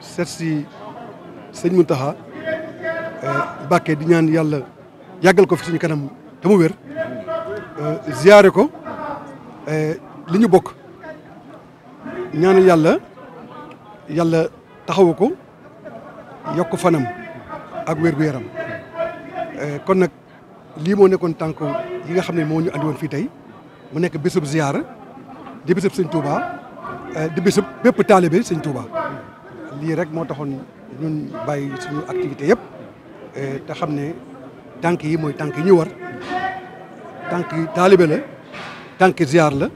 seet si sëñ Mountakha eh, Mbacké di ñaan yàlla yàggal ko fi suñu kanam te mu wér eh, ziyaare ko eh, li ñu bokk ñaan yàlla yàlla taxawu ko yokk fanam ak wér-gu-yaram kon nag lii moo nekkoon tànk yi nga xam ne moo ñu andi woon fii tey mu nekk bésub ziyaara di bésub sëñ Touba di bésub bépp taalibe sëñ Touba. lii rek moo taxoon ñun bàyyi suñu activité yëpp eh, te xam ne tànk yi mooy tànk yi ñu war tànk yi taalibe la tànk ziar la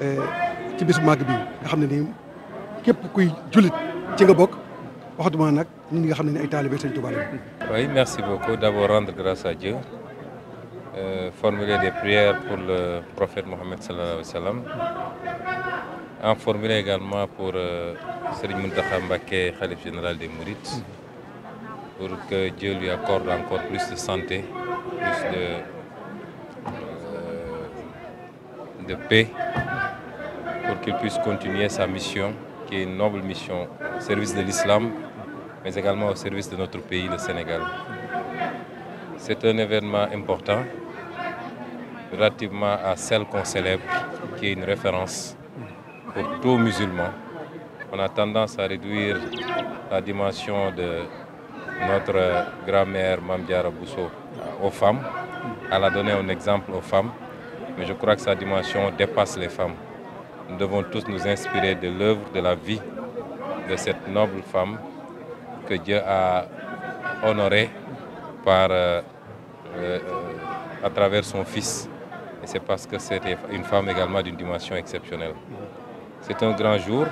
eh, ci bis màgg bi nga xam ne ni képp kuy jullit ci nga bokk waxatuma nag ñun ñi nga xam ne ay taalibe Sëñ Tuubaa la. oui merci beaucoup d'abord rendre grâce à Dieu euh, formuler Un formulaire également pour euh, Serigne Mountakha Khalif général des Mourites, pour que Dieu lui accorde encore plus de santé, plus de, euh, de paix, pour qu'il puisse continuer sa mission, qui est une noble mission au service de l'islam, mais également au service de notre pays, le Sénégal. C'est un événement important relativement à celle qu'on célèbre, qui est une référence pour tout musulman. On a tendance à réduire la dimension de notre grand-mère Mamdiara Bousso aux femmes. Elle a donné un exemple aux femmes, mais je crois que sa dimension dépasse les femmes. Nous devons tous nous inspirer de l'œuvre, de la vie de cette noble femme que Dieu a honorée euh, euh, à travers son fils. Et c'est parce que c'était une femme également d'une dimension exceptionnelle. C'est un grand jour.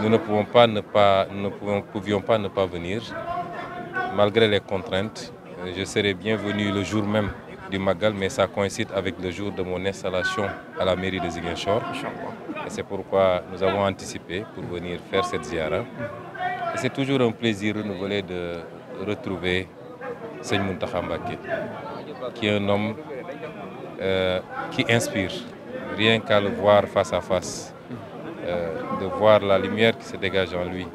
Nous ne pouvions, pas ne pas venir. Malgré les contraintes, je serais bien le jour même du Magal, mais ça coïncide avec le jour de mon installation à la mairie de Ziguinchor. Et c'est pourquoi nous avons anticipé pour venir faire cette ziara. c'est toujours un plaisir renouvelé de retrouver Seigne Muntaha qui est un homme euh, qui inspire, rien qu'à le voir face à face. Euh, de voir la lumière qui se dégage en lui,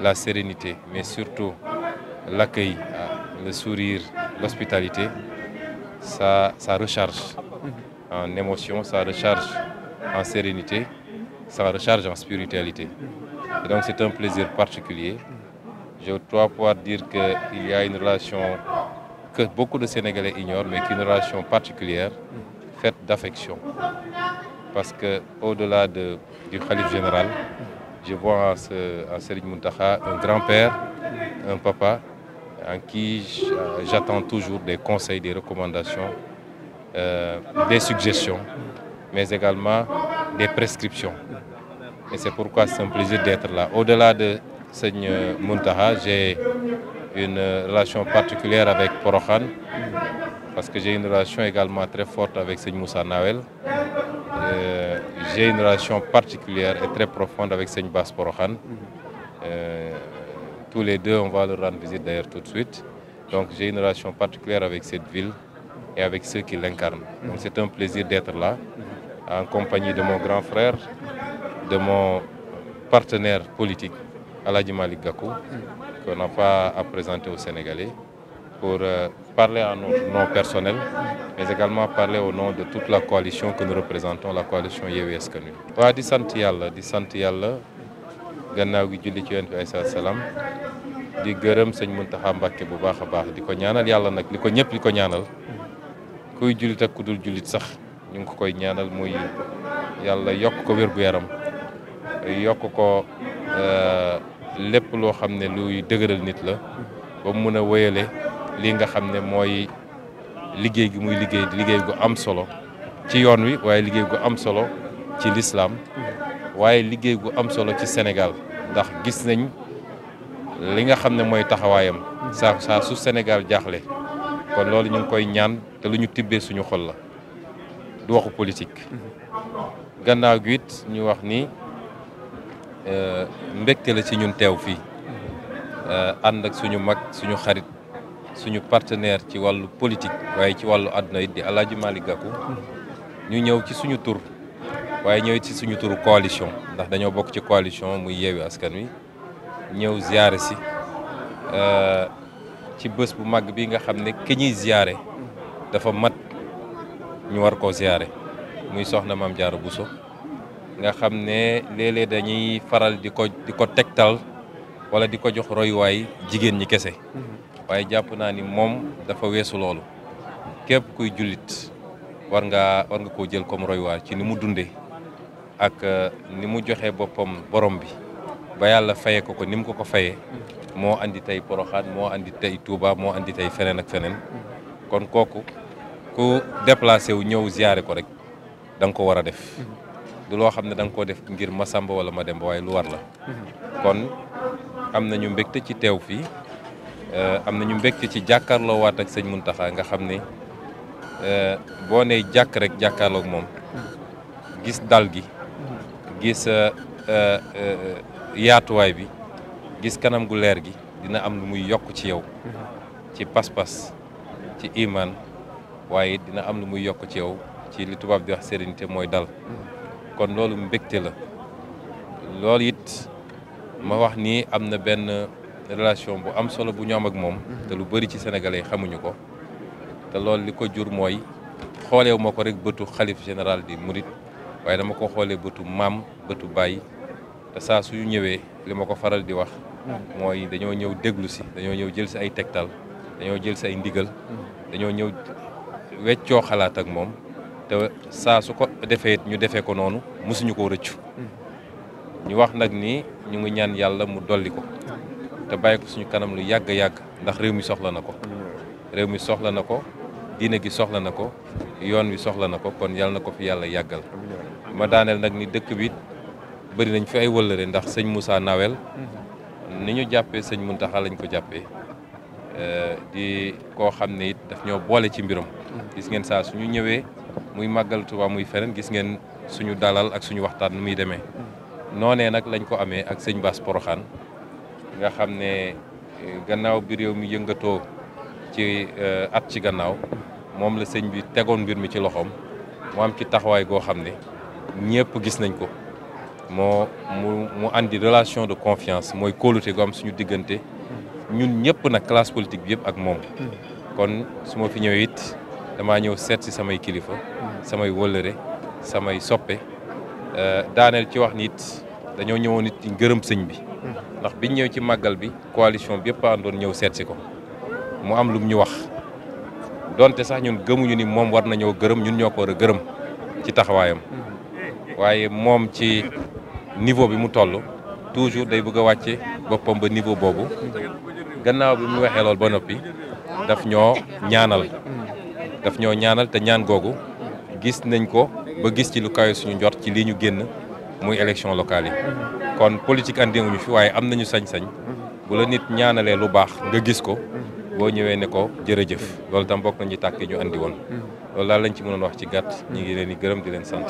la sérénité, mais surtout l'accueil, euh, le sourire, l'hospitalité, ça, recharge en émotion, ça recharge en sérénité, ça recharge en spiritualité. donc c'est un plaisir particulier. Je dois pouvoir dire qu'il y a une relation que beaucoup de Sénégalais ignorent, mais qui est une relation particulière, faite d'affection parce quau delà du Khalif général, je vois en, ce, Muntaha un grand-père, un papa, en qui j'attends toujours des conseils, des recommandations, euh, des suggestions, mais également des prescriptions. Et c'est pourquoi c'est un plaisir d'être là. Au-delà de Seigneur Muntaha, j'ai une relation particulière avec Porokhan, parce que j'ai une relation également très forte avec Seigneur Moussa Nawel. Euh, j'ai une relation particulière et très profonde avec Seigne basse euh, tous les deux, on va leur rendre visite d'ailleurs tout de suite. Donc j'ai une relation particulière avec cette ville et avec ceux qui l'incarnent. Donc c'est un plaisir d'être là, en compagnie de mon grand frère, de mon partenaire politique, Aladji Malik Gakou, qu'on n'a pas à présenter aux Sénégalais pour euh, parler à notre nom personnel, mais également parler au nom de toute la coalition que nous représentons, la coalition Yewwi Kanu. Wi. di sante Yalla, di sante Yalla, gannaaw gi julli ci yonent Issa alayhi di gërëm sëñ Mountakha Mbacké bu baax baax di ñaanal Yalla nak, liko ko liko ñaanal kuy julit ak kudul julit sax ñu ngi koy ñaanal muy Yalla yok ko wër gu yaram Yok ko euh lepp lo ne luy dëgeural nit la ba mu mën lii nga xam ne mooy liggéey gi muy liggéey liggéey gu am solo ci yoon wi waaye liggéey gu am solo ci lislaam waaye liggéey gu am solo ci senegaal ndax gis nañ li nga xam ne mooy taxawaayam saa saa su Sénégal jaaxle kon loolu ñu ngi koy ñaan te lu ñu tibbee suñu xol la du waxu politique gannaaw gi it ñu wax ni euh, mbégte la ci ñun teew fii euh, ànd ak suñu mag suñu xarit suñu partenaire ci wàllu politique waaye ci wàllu àdduna it di El Hadj Malick Gakou ñu ñëw ci suñu tur waaye ñëw ci suñu turu coalition ndax dañoo bokk ci coalition muy yeewi askan wi ñëw ziare si euh, ci bés bu mag bi nga xam ne ki ñuy ziare dafa mat ñu war koo ziare muy soxna Maam jaaro Bousso nga xam ne léeg-léeg dañuy faral di ko di ko tegtal wala di ko jox royuwaay jigéen ñi kese mm-hmm. waaye jàpp naa ni moom dafa weesu loolu képp kuy jullit war nga war nga koo jël comme roywaay ci ni mu dundee ak euh, ni mu joxe boppam borom bi ba yàlla faye ko ko ni mu ko ko fayee moo indi tey Poroxaan moo indi tey Touba moo indi tey feneen ak feneen kon kooku ku déplacé wu ñëw ziyaare ko rek danga ko war a def du loo xam ne da nga koo def ngir ma Masamba wala Mademba waaye lu war la kon am nañu mbégte ci teew fii Euh, am na ñu mbégte ci jàkkaarloowaat ak sëñ Muntaxa nga xam ne euh, boo nee jàkk rek jàkkaarloog moom gis dal gi gis euh, yaatuwaay bi gis kanam gu leer gi dina am lu muy yokk ci yow ci pas ci imaan waaye dina am lu muy yokk ci yow ci li tubaab di wax sérénité mooy dal kon loolu mbégte la loolu it ma wax ni am na benn relation bu am solo bu ñu am ak moom te lu bari ci sénégalais yi xamuñu ko te loolu li ko jur mooy xoolewuma ko rek bëtu xalif général di murit waaye dama ko xoolee bëtu maam bëtu bàyyi te saa suñu ñëwee li ma ko faral di wax mooy dañoo ñëw déglu si dañoo ñëw jël si ay tegtal dañoo jël si ay ndigal dañoo ñëw weccoo xalaat ak moom te saa su ko defee ñu defee ko noonu mosuñu koo rëccu ñu wax nag ni ñu ngi ñaan yàlla mu dolli ko te bàyyi ko suñu kanam lu yàgg yàgg ndax réew mi soxla na ko réew mi soxla na ko diine gi soxla na ko yoon wi soxla na ko kon yàlla na ko fi yàlla yàggal ma daaneel nag ni dëkk bi bëri nañ fi ay wëllëre ndax sëñ Moussa Nawel ni ñu jàppee sëñ Muntaxa lañ ko jàppee euh, di koo xam ne it daf ñoo boole ci mbiram gis ngeen saa suñu ñëwee muy màggal Tuubaa muy feneen gis ngeen suñu dalal ak suñu waxtaan nu muy demee noonee nag lañ ko amee ak sëñ Bass Poroxaan nga xam ne eh, gannaaw bi réew mi yëngatoo ci eh, at ci gannaaw moom la sëñ bi tegoon mbir mi ci loxoom mu am ci taxawaay goo xam ne ñëpp gis nañ ko moo mu mu andi relation de confiance mooy kóolute gu am suñu diggante ñun ñëpp nag classe politique bi yëpp ak moom kon su ma fi ñëw it damaa ñëw seet si samay kilifa samay wëllëre samay soppe eh, daaneel ci wax nit dañoo ñëwoon nit gërëm sëñ bi ndax biñ ñëw ci màggal bi coalition bi yëpp àndoon ñëw seet si ko mu am lum ñu wax doonte sax ñun gëmuñu ni moom war nañoo gërëm ñun ñoo ko war a gërëm ci taxawaayam waaye moom ci niveau bi mu toll toujours day bëgg a wàcce boppam ba niveau boobu gannaaw bi mu waxee lool ba noppi daf ñoo ñaanal daf ñoo ñaanal te ñaan googu gis nañ ko ba gis ci lu kawe suñu njort ci lii ñu génn muy élection locale yi kon politique andiwuñu fi waaye am nañu sañ-sañ bu la nit ñaanalee lu baax nga gis ko boo ñëwee ne ko jërëjëf loolu tam bokk nañu tàkk ñu indi woon loolu daal lañ ci mënoon wax ci gàtt ñu ngi leen di gërëm di leen sant